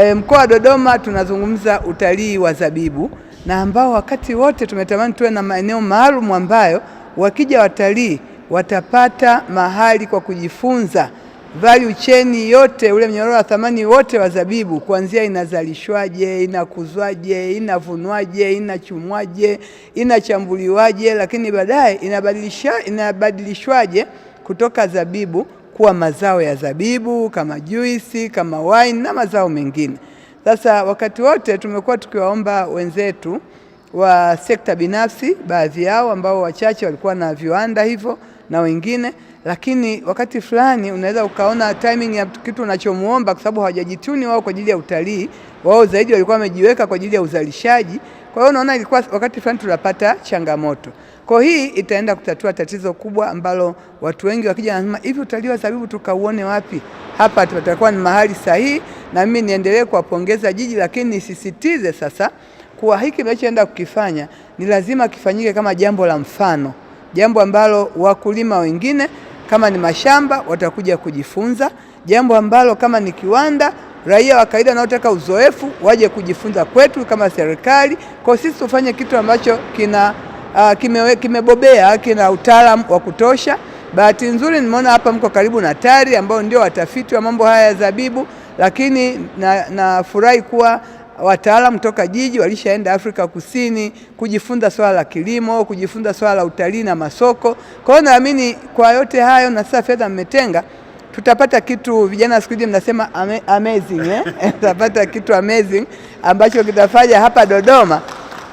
E, mkoa wa Dodoma tunazungumza utalii wa zabibu na ambao wakati wote tumetamani tuwe na maeneo maalum ambayo wakija watalii watapata mahali kwa kujifunza value chain yote, ule mnyororo wa thamani wote wa zabibu, kuanzia inazalishwaje, inakuzwaje, inavunwaje, inachumwaje, inachambuliwaje, lakini baadaye inabadilishwaje kutoka zabibu kuwa mazao ya zabibu kama juisi, kama wine na mazao mengine. Sasa wakati wote tumekuwa tukiwaomba wenzetu wa sekta binafsi, baadhi yao ambao wachache walikuwa na viwanda hivyo na wengine, lakini wakati fulani unaweza ukaona timing ya kitu unachomuomba, kwa sababu hawajajituni wao kwa ajili ya utalii. Wao zaidi walikuwa wamejiweka kwa ajili ya uzalishaji kwa hiyo unaona ilikuwa wakati fulani tunapata changamoto. Kwa hii itaenda kutatua tatizo kubwa ambalo watu wengi wakija wanasema hivi utalii wa zabibu tukauone wapi? Hapa tutakuwa ni mahali sahihi, na mimi niendelee kuwapongeza jiji, lakini nisisitize sasa kuwa hiki mnachoenda kukifanya ni lazima kifanyike kama jambo la mfano, jambo ambalo wakulima wengine kama ni mashamba watakuja kujifunza, jambo ambalo kama ni kiwanda raia wa kawaida wanaotaka uzoefu waje kujifunza kwetu kama serikali. Kwa sisi tufanye kitu ambacho kina uh, kime, kimebobea kina utaalamu wa kutosha. Bahati nzuri nimeona hapa mko karibu na TARI ambao ndio watafiti wa mambo haya ya zabibu, lakini nafurahi na kuwa wataalam toka jiji walishaenda Afrika Kusini kujifunza swala la kilimo, kujifunza swala la utalii na masoko. Kwa hiyo naamini kwa yote hayo na sasa fedha mmetenga tutapata kitu, vijana siku hizi mnasema amazing eh? tutapata kitu amazing ambacho kitafanya hapa Dodoma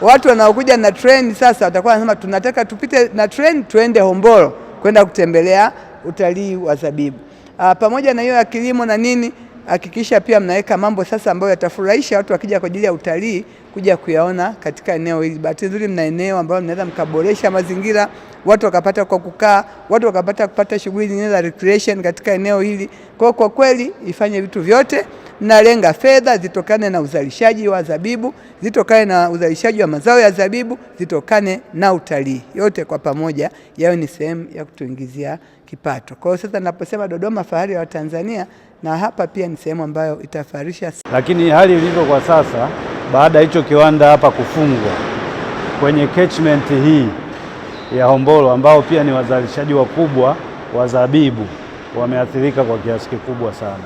watu wanaokuja na treni sasa watakuwa wanasema tunataka tupite na treni tuende Hombolo kwenda kutembelea utalii wa zabibu. Aa, ah, pamoja na hiyo ya kilimo na nini hakikisha pia mnaweka mambo sasa ambayo yatafurahisha watu wakija kwa ajili ya utalii kuja kuyaona katika eneo hili. Bahati nzuri mna eneo ambalo mnaweza mkaboresha mazingira, watu wakapata kwa kukaa, watu wakapata kupata shughuli nyingine za recreation katika eneo hili. Kwa kwa kweli ifanye vitu vyote, mnalenga fedha zitokane na uzalishaji wa zabibu, zitokane na uzalishaji wa mazao ya zabibu, zitokane na utalii, yote kwa pamoja yawe ni sehemu ya kutuingizia kipato. Kwa hiyo sasa naposema Dodoma fahari ya Watanzania na hapa pia ni sehemu ambayo itafarisha. Lakini hali ilivyo kwa sasa, baada ya hicho kiwanda hapa kufungwa kwenye catchment hii ya Hombolo, ambao pia ni wazalishaji wakubwa wa zabibu, wameathirika kwa kiasi kikubwa sana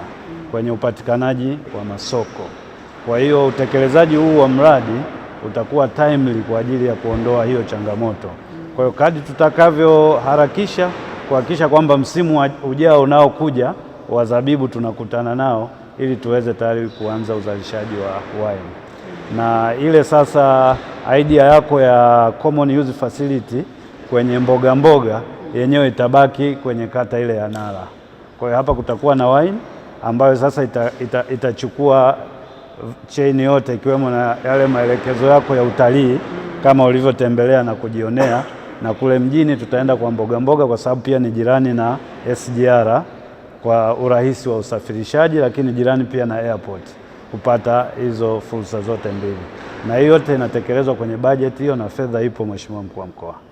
kwenye upatikanaji wa masoko. Kwa hiyo utekelezaji huu wa mradi utakuwa timely kwa ajili ya kuondoa hiyo changamoto. Kwa hiyo kadri tutakavyoharakisha kuhakikisha kwamba msimu ujao unaokuja wa zabibu tunakutana nao ili tuweze tayari kuanza uzalishaji wa wine. Na ile sasa idea yako ya common use facility kwenye mboga mboga yenyewe itabaki kwenye kata ile ya Nala. Kwa hiyo hapa kutakuwa na wine ambayo sasa ita, ita, itachukua chain yote ikiwemo na yale maelekezo yako ya utalii kama ulivyotembelea na kujionea na kule mjini tutaenda kwa mboga mboga, kwa sababu pia ni jirani na SGR kwa urahisi wa usafirishaji, lakini jirani pia na airport kupata hizo fursa zote mbili, na hiyo yote inatekelezwa kwenye bajeti hiyo na fedha ipo, Mheshimiwa Mkuu wa Mkoa.